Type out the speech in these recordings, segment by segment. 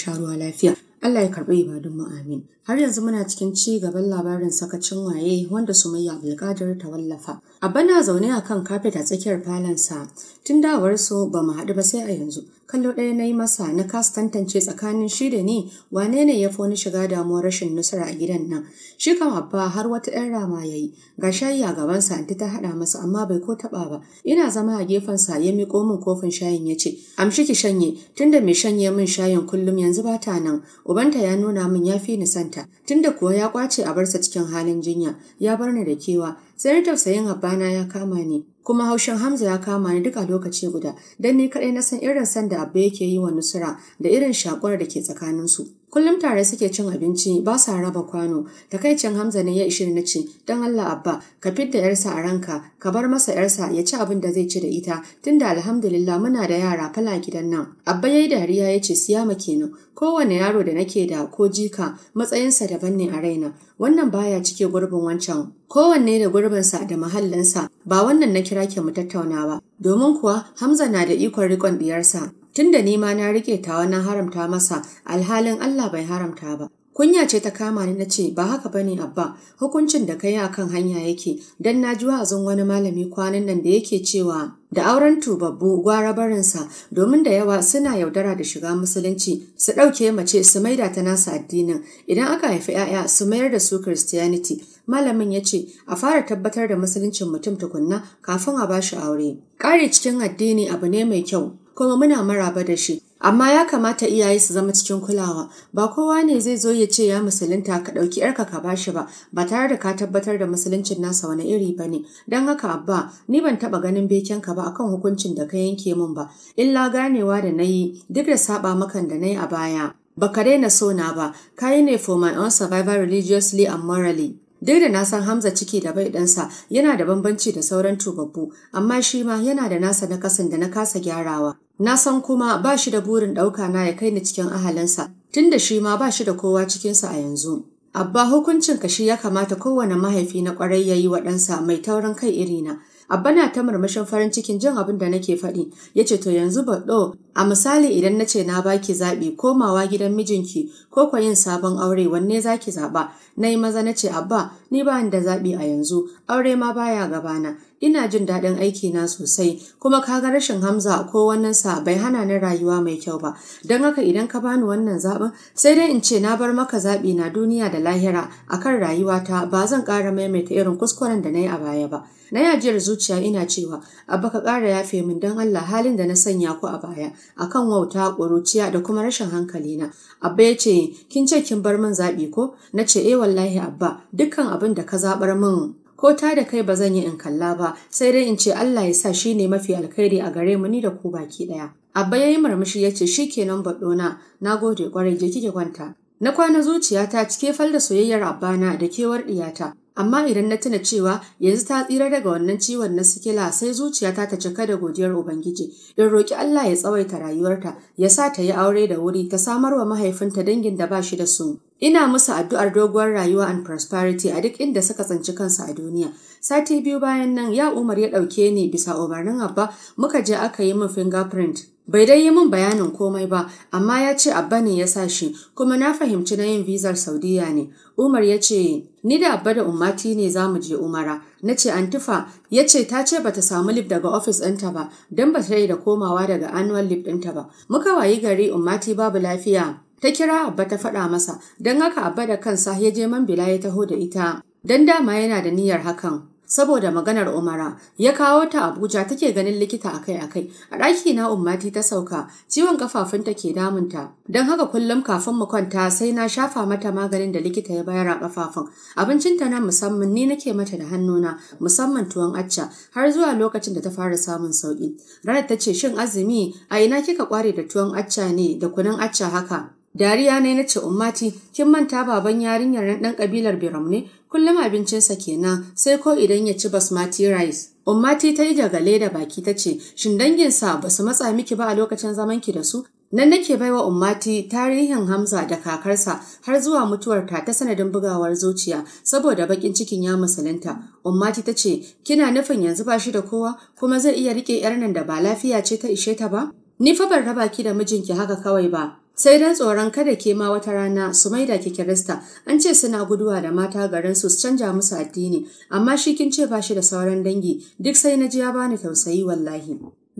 sha ruwa lafiya. Allah ya karɓi ibadun mu amin. Har yanzu muna cikin ci gaban labarin sakacin waye wanda su Sumayya Abdulkadir ta wallafa. Abba na zaune a kan kafet a tsakiyar falonsa. Tun dawar su ba mu haɗu ba sai a yanzu. kallo ɗaya na yi masa na kasa tantance tsakanin shi da ni wane ne ya fi wani shiga damuwar rashin nusra a gidan nan shi kam abba har wata ɗan rama ya yi ga shayi a gabansa anti ta haɗa masa amma bai ko taɓa ba ina zama a gefensa ya miƙo min kofin shayin ya ce amshi ki shanye tunda mai shanye min shayin kullum yanzu ba ta nan ubanta ya nuna min ya fi ni santa tunda kuwa ya kwace a barsa cikin halin jinya ya bar ni da kewa sai tausayin abbana ya kama ni kuma haushin Hamza ya kama ni duka lokaci guda don ni kaɗai na san irin sanda Abba yake yi wa Nusra da irin shakwar da ke tsakaninsu. Kullum tare suke cin abinci ba sa raba kwano, takaicin Hamza ne ya ishi na ce, don Allah abba, ka fidda ‘yarsa a ranka, ka bar masa ‘yarsa ya ci abin da zai ci da ita, tunda alhamdulillah muna da yara fala gidan nan. Abba ya yi dariya ya ce "Siya siyama kenan, kowane yaro da nake da ko jika matsayinsa daban ne a raina wannan baya cike gurbin wancan kowanne da gurbinsa da mahallinsa ba wannan na kira ke mu tattaunawa domin kuwa hamza na da ikon rikon ɗiyarsa. tun ni ma na rike tawa na haramta masa alhalin Allah bai haramta ba kunya ce ta kama ni na ce ba haka ba ne, abba hukuncin da kai akan hanya yake Don na ji wa'azin wani malami kwanan nan da yake cewa da auren tubabbu gwara barinsa domin da yawa suna yaudara da shiga musulunci su ɗauke mace su maida ta nasa addinin idan aka haifi 'ya'ya su mayar da su christianity malamin ya ce a fara tabbatar da musuluncin mutum tukunna kafin a ba shi aure ƙari cikin addini abu ne mai kyau kuma muna maraba da shi amma ya kamata iyaye su zama cikin kulawa ba kowa ne zai zo ya ce ya musulunta ka ɗauki yarka ka shi ba ba tare da ka tabbatar da musuluncin nasa wani iri ba ne don haka abba ni ban taɓa ganin beken ka ba kan hukuncin da ka yanke min ba illa ganewa da na yi duk da saɓa makan da na yi a baya Ba ka daina na ba ka yi ne for my own survival religiously and morally Duk da na san Hamza ciki da bai ɗansa yana da bambanci da sauran tubabbu, amma shi ma yana da nasa na kasan da na kasa gyarawa. Na san kuma ba shi da burin ɗauka na ya kai ni cikin ahalinsa, Tun da shi ma ba shi da kowa cikinsa a yanzu. Abba hukuncin ka shi ya kamata kowane mahaifi na ƙwarai ya yi wa ɗansa mai taurin kai iri na. Abba na ta murmushin farin cikin jin abin da nake faɗi, ya ce to yanzu baɗo, oh, a misali idan na ce na baki zaɓi komawa gidan mijinki ko kwa yin sabon aure wanne za ki zaɓa, na yi maza na ce abba ni ba da zaɓi a yanzu, aure ma baya gabana, ina jin daɗin aiki na sosai kuma ka ga rashin hamza ko wannan sa bai hana ni rayuwa mai kyau ba don haka idan ka bani wannan zaɓin sai dai in ce na bar maka zaɓi na duniya da lahira akan ta, ba zan ƙara maimaita irin kuskuren da na yi a baya ba na yajiyar zuciya ina cewa abba ka ƙara yafe min don Allah halin da na sanya ku a baya akan wauta ƙuruciya da kuma rashin hankali na abba ya ce kin ce kin bar min zaɓi ko na ce eh wallahi abba dukkan abin da ka zaɓar min ko ta da kai ba zan yi in kalla ba sai dai in ce Allah ya sa shi ne mafi alkhairi a gare mu ni da ku baki ɗaya. Abba ya yi murmushi ya ce shi kenan baɗona na gode kwarai je kike kwanta. Na kwana zuciyata cike fal da soyayyar na da kewar ɗiyata. Amma idan na tuna cewa yanzu ta tsira daga wannan ciwon na sikila sai zuciyata ta cika da godiyar Ubangiji, in roƙi Allah ya tsawaita rayuwarta, ya sa ta yi aure da wuri, ta samar wa mahaifinta dangin da ba shi da su. Ina musu addu'ar doguwar rayuwa and prosperity a duk inda suka tsanci kansu a duniya. Sati biyu bayan nan ya Umar ya ɗauke ni bisa umarnin Abba muka je aka yi min fingerprint. Bai dai yi min bayanin komai ba, amma ya ce Abba ne ya sa shi, kuma na fahimci na yin vizar Saudiya ne. Umar ya ce, Ni da Abba da Ummati ne za mu je Umara. Na ce, Antifa, ya ce ta ce bata samu lif daga ofis ɗinta ba, don ba ta yi da komawa daga annual lif ɗinta ba. Muka wayi gari Ummati babu lafiya. Ta kira Abba ta faɗa masa, don haka Abba da kansa ya je man bila ya taho da ita, don dama yana da niyyar hakan. Saboda maganar Umara, ya kawo ta Abuja take ganin likita akai-akai. A ɗaki na ummati ta sauka, ciwon ƙafafunta ke damunta. Don haka kullum kafin mu kwanta sai na shafa mata maganin da likita ya bayar a kafafun. Abincinta na musamman ni nake mata da hannuna, musamman tuwon acca, har zuwa lokacin da ta fara samun sauki. Ranar ta ce, "Shin azumi, a ina kika kware da tuwon acca ne da kunun acca haka?" Dariya ne na ce ummati kin manta baban yarinyar nan ɗan kabilar Biram ne kullum abincinsa kenan sai ko idan ya ci basmati rice. Ummati ta yi jagale da baki ta ce shin danginsa ba su matsa miki ba a lokacin ki da su? Nan nake baiwa ummati tarihin Hamza da kakarsa har zuwa mutuwarta ta sanadin bugawar zuciya saboda bakin cikin ya musulunta. Ummati ta ce, "Kina nufin yanzu ba shi da kowa kuma zai iya rike yar nan da ba lafiya ce ta ishe ta ba?" Ni fa ban raba ki da mijinki haka kawai ba, sai dan tsoron kada ke ma wata rana su maida ke kirista an ce suna guduwa da mata garin su canja musu addini amma shi kin ce ba shi da sauran dangi duk sai na ji ya bani tausayi wallahi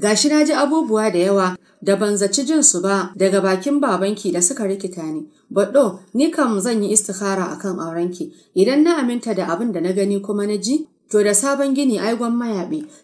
gashi na ji abubuwa da yawa da ban zaci jin su ba daga bakin babanki da suka rikita ni baɗo ni kam zan yi istikhara akan aurenki idan na aminta da abin da na gani kuma na ji To da sabon gini ai gwan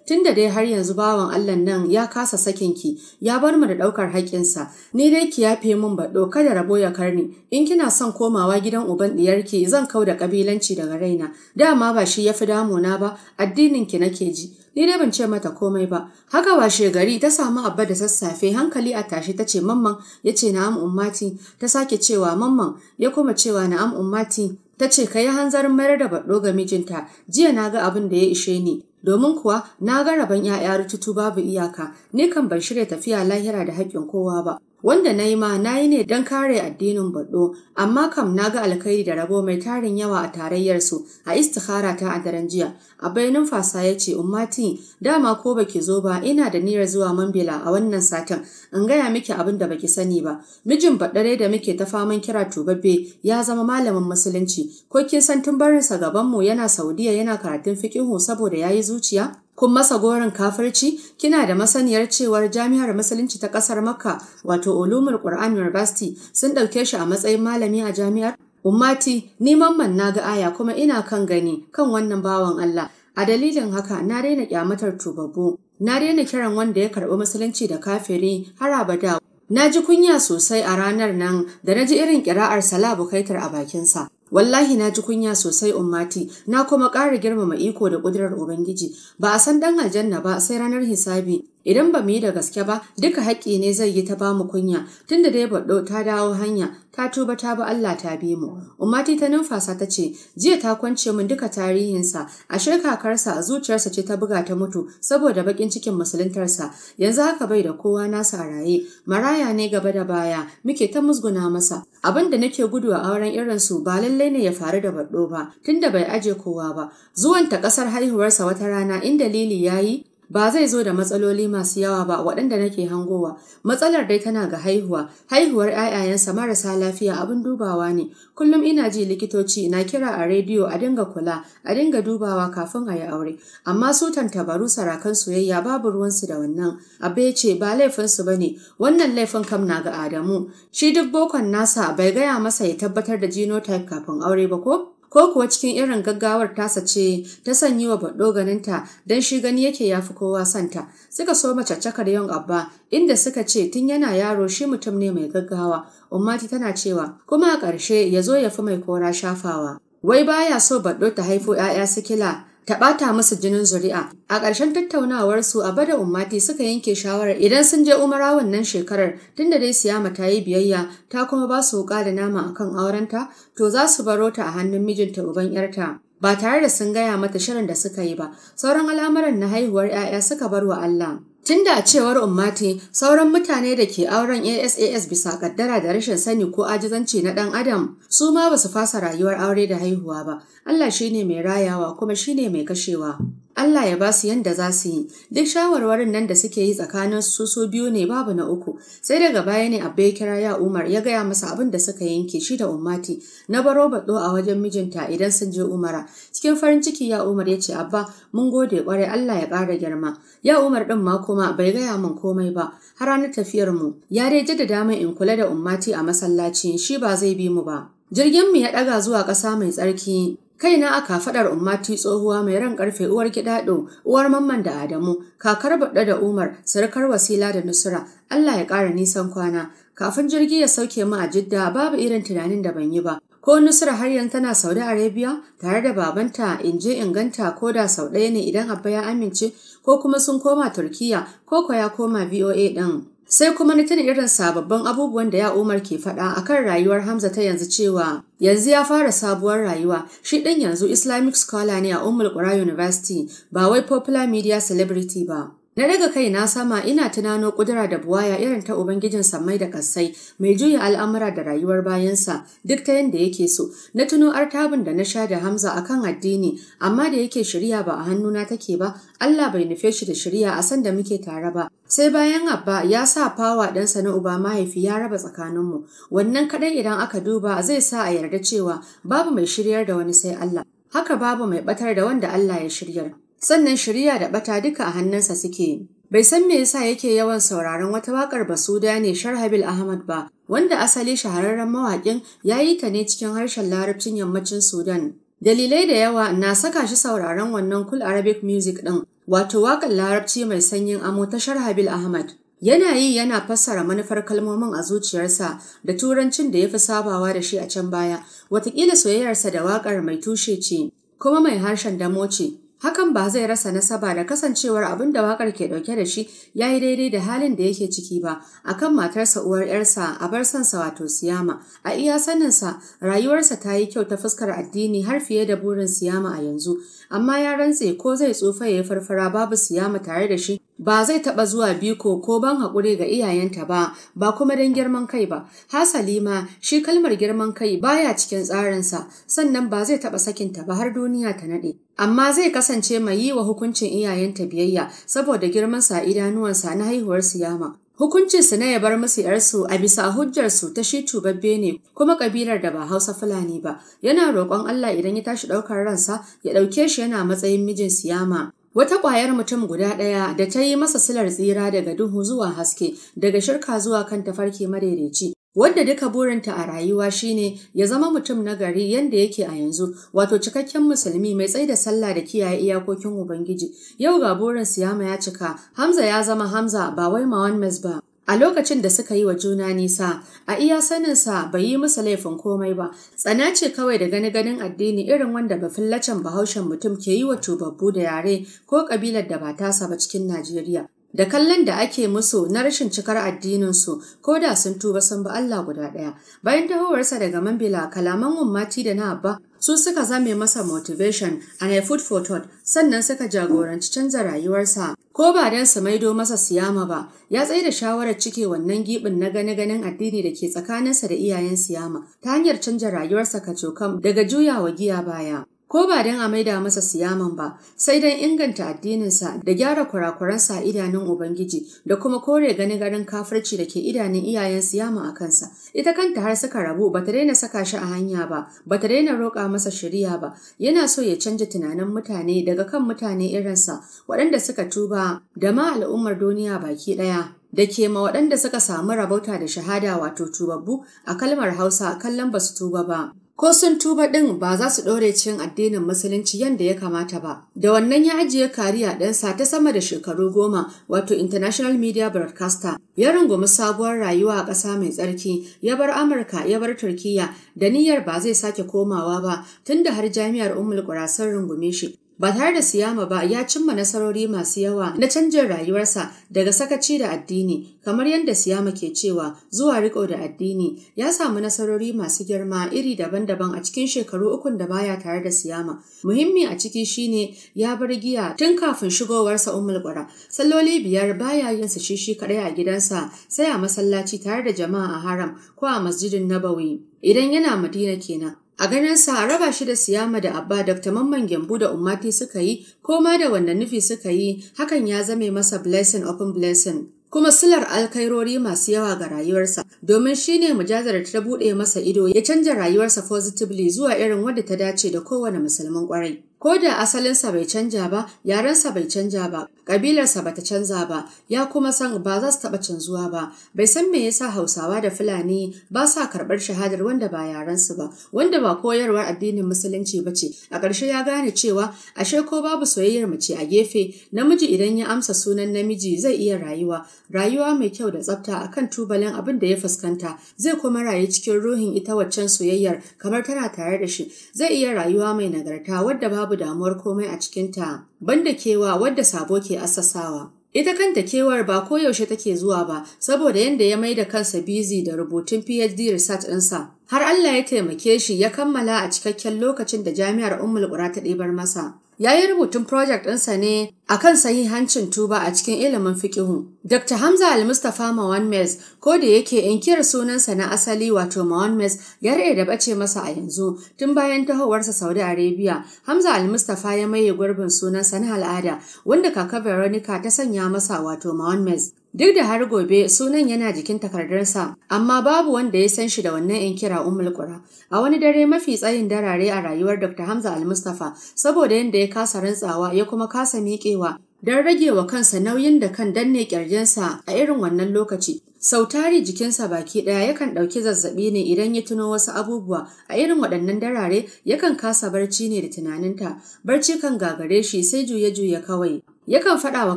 Tun da dai har yanzu bawan Allah nan ya kasa sakin ki, ya bar mu da ɗaukar haƙƙinsa, ni dai ki yafe min baɗo kada rabo ya karni, in kina son komawa gidan uban ɗiyarki zan kau da ƙabilanci daga raina, dama ba shi ya fi damuna ba, addinin ki nake ji. Ni dai ban ce mata komai ba, haka washe gari ta samu abba da sassafe hankali a tashi ta ce mamman ya ce na'am ummati ta sake cewa mamman ya kuma cewa na'am ummati Ta ce ka yi hanzarin mayar da baɗo ga mijinta, jiya na ga abin da ya ishe ni, domin kuwa na ga rabon ‘ya'ya rututu babu iyaka, ni kan ban shirya tafiya lahira da haƙƙin kowa ba, wanda na yi ma na yi ne don kare addinin baɗo amma kam na ga alkhairi da rabo mai tarin yawa a tarayyar su a istikhara ta a daren jiya a bayanin fasa ya ce ummati dama ko baki zo ba ina da niyyar zuwa mambila a wannan satin in gaya miki abin da baki sani ba mijin baɗare da muke ta faman kira tubabbe ya zama malamin musulunci ko kin san tun barinsa gabanmu yana saudiya yana karatun fikihu saboda ya yi zuciya kun masa goron kafirci kina da masaniyar cewar jami'ar musulunci ta kasar makka wato ulumul qur'an university sun ɗauke shi a matsayin malami a jami'ar ummati ni mamman na ga aya kuma ina kan gani kan wannan bawan allah a dalilin haka na daina kyamatar tubabbu na daina kiran wanda ya karɓi musulunci da kafiri har abada na ji kunya sosai a ranar nan da na ji irin kira'ar sala bukaitar a bakinsa Wallahi na ji kunya sosai ummati, na kuma ƙara girmama iko da ƙudurar Ubangiji, ba a san dan aljanna ba sai ranar hisabi, idan ba mu yi da gaske ba duka haƙƙi ne zai yi ta ba mu kunya tunda dai baɗo ta dawo hanya ta tuba ta bi Allah ta bi mu Umati ta numfasa ta ce jiya ta kwance mun duka tarihinsa ashe kakarsa zuciyarsa ce ta buga ta mutu saboda baƙin cikin musuluntarsa yanzu haka bai da kowa nasa a raye maraya ne gaba da baya muke ta musguna masa abin da nake gudu a auren irin su ba lallai ne ya faru da baɗo ba tunda bai aje kowa ba zuwan ta ƙasar haihuwarsa wata rana in dalili yayi Ba zai zo da matsaloli masu yawa ba waɗanda nake hangowa. Matsalar dai tana ga haihuwa. Haihuwar 'ya'yayansa marasa lafiya abin dubawa ne. Kullum ina ji likitoci na kira a rediyo a dinga kula, a dinga dubawa kafin a yi aure. Amma su tantabaru sarakan soyayya babu ruwansu da wannan. Abe ce ba laifinsu ba ne. Wannan laifin kam na ga Adamu. Shi duk bokon nasa bai gaya masa ya tabbatar da genotype kafin aure ba ko? ko kuwa cikin irin gaggawar tasa ce ta sanyi wa baɗo ganinta don shi gani yake ya fi kowa santa suka so macaccakar yon abba inda suka ce tun yana yaro shi mutum ne mai gaggawa ummati tana cewa kuma a ƙarshe ya zo ya fi mai kora shafawa wai baya so baɗo ta haifo ‘ya'ya sikila ta ɓata musu jinin zuri'a. A ƙarshen tattaunawar su a bada ummati suka yanke shawarar idan sun je umara wannan shekarar tunda dai siyama ta yi biyayya ta kuma ba su wuƙa da nama a kan aurenta to za su baro ta a hannun mijinta uban 'yarta. Ba tare da sun gaya mata shirin da suka yi ba, sauran al'amuran na haihuwar 'ya'ya suka bar wa Allah. Tun da cewar ummati sauran mutane da ke auren ASAS bisa kaddara da rashin sani ko ajizanci na ɗan adam su ma ba su fasa rayuwar aure da haihuwa ba. Allah shi ne mai rayawa kuma shi ne mai kashewa. Allah ya ba su yanda za su yi duk shawarwarin nan da suke yi tsakanin su so biyu ne babu na uku sai daga baya ne abba ya kira ya Umar ya gaya masa abin da suka yanke shi da ummati na baro baɗo a wajen mijinta idan sun je Umara cikin farin ciki ya Umar ya ce abba mun gode kwarai Allah ya ƙara girma ya Umar ɗin ma kuma bai gaya min komai ba har ranar tafiyar mu ya dai da min in kula da ummati a masallaci shi ba zai bi mu ba Jirgin mu ya ɗaga zuwa ƙasa mai tsarki Kaina a kafaɗar ummati tsohuwa mai ran karfe uwar gidaɗo, uwar mamman da Adamu, kakar baɗa da Umar, sarkar wasila da Nusra, Allah ya ƙara nisan kwana. Kafin jirgi ya sauke mu a Jidda babu irin tunanin da ban yi ba. Ko Nusra har yanzu tana Saudi Arabia tare da babanta in je in ganta ko da sau ɗaya ne idan Abba ya amince ko kuma sun koma Turkiya ko ya koma VOA ɗin. Sai kuma na tuni irin sababbin abubuwan da ya Umar ke faɗa akan rayuwar Hamza ta yanzu cewa yanzu ya fara sabuwar rayuwa shi ɗin yanzu Islamic scholar ne a Ummul Qura University ba wai popular media celebrity ba. Na daga kai na sama ina tunano kudura da buwaya irin ta Ubangijin sammai da kassai mai juya al'amura da rayuwar bayansa duk ta yadda yake so. Na tuno artabin da na sha da Hamza a kan addini amma da yake shirya ba a hannuna take ba Allah bai nufe shi da shirya a san da muke tare ba. Sai bayan Abba ya sa fawa ɗansa na uba mahaifi ya raba tsakaninmu. Wannan kaɗai idan aka duba zai sa a yarda cewa babu mai shiryar da wani sai Allah. Haka babu mai ɓatar da wanda Allah ya shiryar. sannan shirya da bata duka a hannunsa suke. Bai san me yasa yake yawan sauraron wata waƙar basuda ne Sharhabil Ahmad ba, wanda asali shahararren mawaƙin ya yi ta ne cikin harshen larabcin yammacin Sudan. Dalilai da yawa na saka shi sauraron wannan Cool Arabic Music ɗin, wato waƙar larabci mai sanyin amo ta Sharhabil Ahmad. Yana yi yana fassara manufar kalmomin a zuciyarsa da turancin da ya fi sabawa da shi a can baya, watakila soyayyarsa da waƙar mai tushe ce, kuma mai harshen damo ce, Hakan ba zai rasa nasaba da kasancewar abin da wakar ke ɗauke da shi ya yi daidai da halin da yake ciki ba a kan matarsa uwar yarsa a bar sansa wato siyama. A iya saninsa rayuwarsa ta yi kyau ta fuskar addini har fiye da burin siyama a yanzu, amma ya rantse ko zai tsufa ya yi farfara babu siyama tare da shi ba zai taɓa zuwa biko ko ban haƙuri ga iyayenta ba ba kuma don girman kai ba hasali ma shi kalmar girman kai baya cikin tsarinsa sannan ba zai taɓa sakinta ba har duniya ta naɗe amma zai kasance mai yi wa hukuncin iyayenta biyayya saboda girmansa idanuwansa na haihuwar siyama Hukuncinsu na ya bar musu ‘yarsu a bisa hujjarsu ta shi tubabbe ne kuma ƙabilar da ba Hausa Fulani ba, yana roƙon Allah idan ya tashi ɗaukar ransa ya ɗauke shi yana matsayin mijin siyama Wata ƙwayar mutum guda ɗaya da ta yi masa silar tsira daga duhu zuwa haske, daga shirka zuwa kan tafarki madaidaici, wadda duka burinta a rayuwa shine ya zama mutum na gari yadda yake a yanzu wato cikakken musulmi mai tsai da sallah da kiyaye iyakokin ubangiji yau ga burin siyama ya cika hamza ya zama hamza ba wai mawan ba A lokacin da suka yi wa juna nisa, a iya saninsa bai yi musu laifin komai ba, tsana ce kawai da gani ganin addini irin wanda bafillacen bahaushen mutum ke yi wa tubabbu da yare ko ƙabilar da ba tasa ba cikin Najeriya. da kallon da ake musu na rashin cikar addininsu ko da sun tuba sun bi Allah guda ɗaya. Bayan tahowarsa daga Mambila, kalaman Ummati da na Abba su suka zame masa motivation and a food for thought sannan suka jagoranci canza rayuwarsa ko ba don su maido masa siyama ba ya tsaye da shawarar cike wannan gibin na gane ganin addini da ke tsakaninsa da iyayen siyama ta hanyar canza rayuwarsa kacokam daga juyawa giya baya ko ba don a maida masa siyaman ba sai don inganta addininsa da gyara kurakuransa a idanun ubangiji da kuma kore gani garin kafarci da ke idanun iyayen siyama a kansa ita kanta har suka rabu ba ta daina saka shi a hanya ba ba ta daina roƙa masa shirya ba yana so ya canja tunanin mutane daga kan mutane irinsa waɗanda suka tuba da ma al'ummar duniya baki ɗaya da ke ma waɗanda suka samu rabauta da shahada wato tubabbu a kalmar hausa kallon ba su tuba ba ko sun tuba ɗin ba za su ɗore cin addinin musulunci yadda ya kamata ba. Da wannan ya ajiye kariya ɗansa ta sama da shekaru goma wato International Media Broadcaster ya rungumi sabuwar rayuwa a ƙasa mai tsarki ya bar Amurka ya bar Turkiyya da niyyar ba zai sake komawa ba tun da har jami'ar Ummul rungume shi. Ba tare da siyama ba ya cimma nasarori masu yawa na canjin rayuwarsa daga sakaci da addini kamar yadda siyama ke cewa zuwa riko da addini ya samu nasarori masu girma iri daban-daban a cikin shekaru ukun da baya tare da siyama. Muhimmi a ciki shine ya bar giya tun kafin shigowarsa umul saloli Salloli biyar baya yin su shishi kadai a gidansa sai a masallaci tare da jama'a a haram ko a masjidin Nabawi. Idan yana Madina kenan A ganin sa raba shi da siyama da abba Dr. Mamman Gembu da Ummati suka yi, ko ma da wannan nufi suka yi, hakan ya zame masa blessing open blessing. Kuma silar alkairori masu yawa ga rayuwarsa, domin shi ne mujazar ta buɗe masa ido ya canja rayuwarsa positively zuwa irin wadda ta dace da kowane musulman kwarai. ko da asalinsa bai canja ba yarensa bai canja ba ƙabilarsa bata canza ba ya kuma san ba za su taɓa canzuwa ba bai san me yasa hausawa da fulani ba sa karɓar shahadar wanda ba yarensu ba wanda ba koyarwar addinin musulunci ba ce a ƙarshe ya gane cewa ashe ko babu soyayyar mace a gefe namiji idan ya amsa sunan namiji zai iya rayuwa rayuwa mai kyau da tsafta akan tubalin abin da ya fuskanta zai kuma rayu cikin ruhin ita waccan soyayyar kamar tana tare da shi zai iya rayuwa mai nagarta wadda babu babu damuwar komai a cikinta banda kewa wadda sabo ke assasawa. Ita kanta kewar ba koyaushe take zuwa ba saboda yadda ya mai da kansa bizi da rubutun PhD research ɗinsa. Har Allah ya taimake shi ya kammala a cikakken lokacin da jami'ar Ummul ta ɗebar masa. ya yi rubutun project ɗinsa ne a kan hancin tuba a cikin ilimin fikihu Dr. Hamza Al-Mustapha Mez, ko da yake kira sunansa na asali wato Mez, ya rai da ɓace masa a yanzu tun bayan tahowarsa Saudi Arabia. Hamza Al-Mustapha ya maye gurbin sunansa na al'ada wanda kaka Veronica ta sanya masa wato Mez. Duk da har gobe sunan yana jikin takardarsa, amma babu wanda ya san shi da wannan ‘yan kira Ummul A wani dare mafi tsayin darare a rayuwar Dr. Hamza al Mustapha, saboda yadda ya kasa rantsawa ya kuma kasa miƙewa don rage wa kansa nauyin da kan danne ƙirjinsa a irin wannan lokaci. Sau tari jikinsa baki ɗaya yakan ɗauki zazzaɓi ne idan ya tuno wasu abubuwa a irin waɗannan darare yakan kasa barci ne da tunaninta, barci kan gagare shi sai juye-juye kawai. Yakan faɗa wa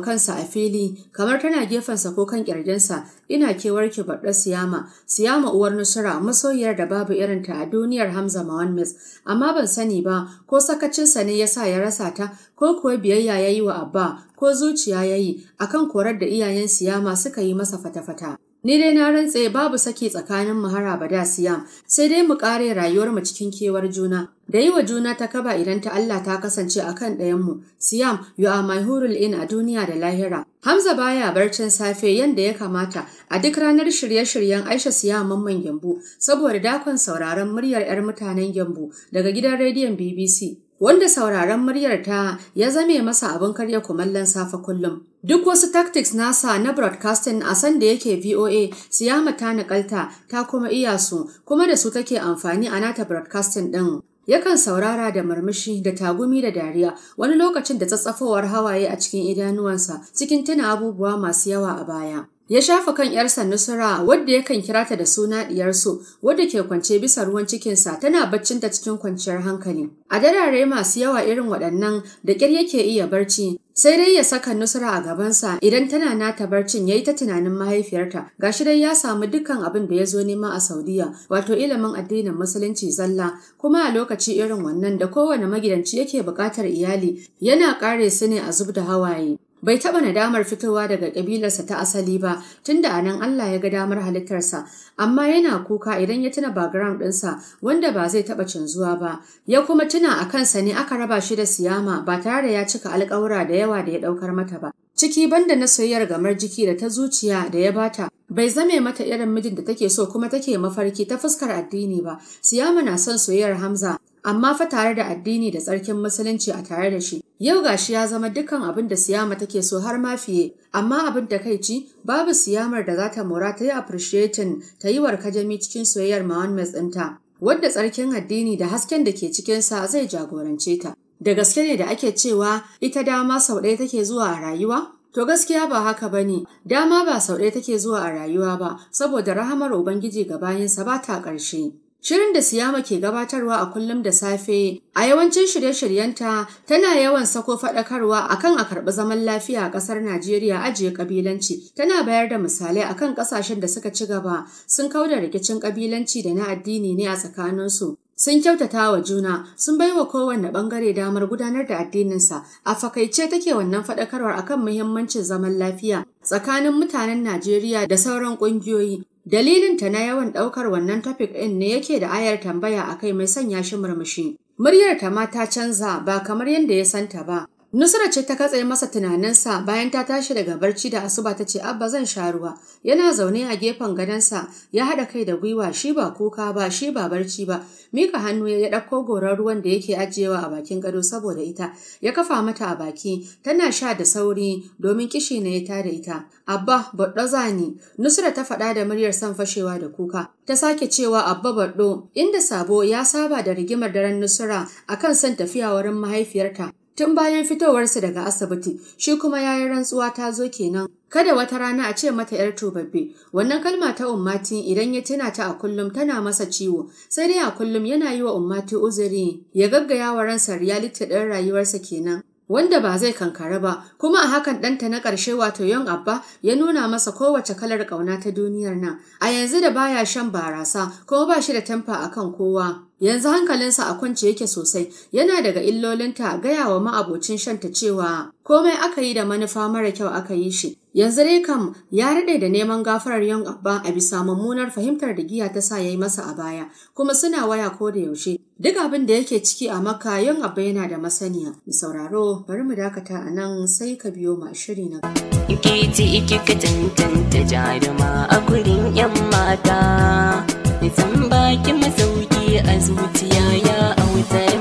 kansa a fili, kamar tana gefensa ko kan ƙirjinsa, ina kewar ki siyama, siyama uwar nusura, masoyiyar da babu irinta a duniyar Hamza Mawanmis, amma ban sani ba ko sakacinsa ne ya sa ya rasa ta, ko kuwa biyayya ya yi wa Abba, ko zuciya ya yi, akan korar da iyayen siyama suka yi masa fata-fata. Ni dai na rantse babu saki tsakanin mu har da siyam, sai dai mu kare rayuwar mu cikin kewar juna. Da yi wa juna ta kaba idan ta Allah ta kasance a kan ɗayan mu siyam you are my hurul in a duniya da lahira. Hamza baya barcin safe yanda ya kamata a duk ranar shirye-shiryen Aisha Siyam Mamman Gembu, saboda dakon sauraron muryar 'yar mutanen Gembu, daga gidan rediyon BBC. Wanda sauraron muryar ta ya zame masa abin karya kumallon safe kullum. Duk wasu tactics nasa na broadcasting a sanda yake VOA, su Siyama ta nakalta ta kuma iya su, kuma da su take amfani a nata broadcasting ɗin. Yakan saurara da marmishi da tagumi da dariya wani lokacin da tsatsafowar hawaye a cikin idanuwansa cikin tuna abubuwa masu yawa a baya. ya shafa kan ‘yarsa Nusra wadda yakan kira ta da suna ɗiyarsu wadda ke kwance bisa ruwan cikinsa tana ta cikin kwanciyar hankali. A darare masu yawa irin waɗannan da ƙyar yake iya barci sai dai ya saka Nusra a gabansa idan tana nata barcin yayi ta tunanin mahaifiyarta gashi dai ya samu dukkan abin da ya zo nema a Saudiya wato ilimin addinin musulunci zalla kuma a lokaci irin wannan da kowane magidanci yake buƙatar iyali yana ƙare su ne a zub da hawaye Bai taɓa nadamar fitowa daga kabilarsa ta asali ba, tunda a nan Allah ya ga damar halittarsa, amma yana kuka idan ya tuna background ɗinsa wanda ba zai taɓa canzuwa ba. Ya kuma tuna a kansa ne aka raba shi da siyama ba tare da ya cika alƙawura da yawa da ya ɗaukar mata ba. Ciki banda na soyayyar gamar jiki da ta zuciya da ya bata, bai zame mata irin mijin da take so kuma take mafarki ta fuskar addini ba. Siyama na son soyayyar Hamza, amma fa tare da addini da tsarkin musulunci a tare da shi. Yau gashi ya zama dukkan abin da siyama take so har ma fiye, amma abin da kai ci babu siyamar da za ta mora ta yi appreciating ta yi warkajami cikin soyayyar Muhammad ɗinta, wadda tsarkin addini da hasken da ke cikinsa zai jagorance ta. Da gaske ne da ake cewa ita dama sau ɗaya take zuwa a rayuwa? To gaskiya ba haka ba ne, dama ba sau ɗaya take zuwa a rayuwa ba, saboda rahamar Ubangiji ga bayansa ba ta ƙarshe. Shirin da Siyama ke gabatarwa a kullum da safe, a yawancin shirye-shiryenta tana yawan sako faɗakarwa akan a karɓi zaman lafiya a ƙasar Najeriya ajiye ƙabilanci, tana bayar da misalai a kan ƙasashen da suka ci gaba sun kauda rikicin ƙabilanci da na addini ne a tsakaninsu. sun kyautata wa juna sun bai wa kowanne ɓangare damar gudanar da addininsa a fakaice take wannan faɗakarwar akan muhimmancin zaman lafiya tsakanin mutanen Najeriya da sauran ƙungiyoyi Dalilinta na yawan ɗaukar wannan topic ɗin ne yake da ayar tambaya a kai mai sanya shi murmushi. Muryar ta ma ta canza ba kamar yadda ya santa ba, Nusra ce ta katse masa tunaninsa bayan ta tashi daga barci da asuba ta ce abba zan sha ruwa. Yana zaune a gefen gadonsa ya haɗa kai da gwiwa shi ba kuka ba shi ba barci ba. Mika hannu ya ɗauko goron ruwan da yake ajiyewa a bakin gado saboda ita. Ya kafa mata a baki tana sha da sauri domin kishi ne ya tada ita. Abba baɗo ni. Nusra ta faɗa da muryar son fashewa da kuka. Ta sake cewa abba baɗo inda sabo ya saba da rigimar daren Nusra akan son tafiya wurin mahaifiyarta Tun bayan fitowarsa daga asibiti, shi kuma ya yi rantsuwa ta zo kenan. Kada wata rana a ce mata ‘yar tubabbe, wannan kalma ta ummati idan ya tuna ta a kullum tana masa ciwo, sai dai a kullum yana yi wa ummati uzuri ya gaggaya wa ransa reality ɗin rayuwarsa kenan. wanda ba zai kankare ba kuma a hakan ɗanta na ƙarshe wato yon abba ya nuna masa kowace kalar ƙauna ta duniyar nan a yanzu da baya shan barasa kuma ba shi da tamfa akan kowa yanzu hankalinsa a kwance yake sosai yana daga illolinta gaya wa ma'abocin shanta cewa komai aka yi da manufa mara kyau aka yi shi yanzu dai kam ya daɗe da neman gafarar yan abba a bisa mummunar fahimtar da giya ta sa ya yi masa a baya kuma suna waya ko da yaushe duk abin da yake ciki a maka yan abba yana da masaniya mu sauraro bari mu dakata a nan sai ka biyo ma shiri na Ike jaruma a gurin yan mata, baki masauki. zuciya ya auta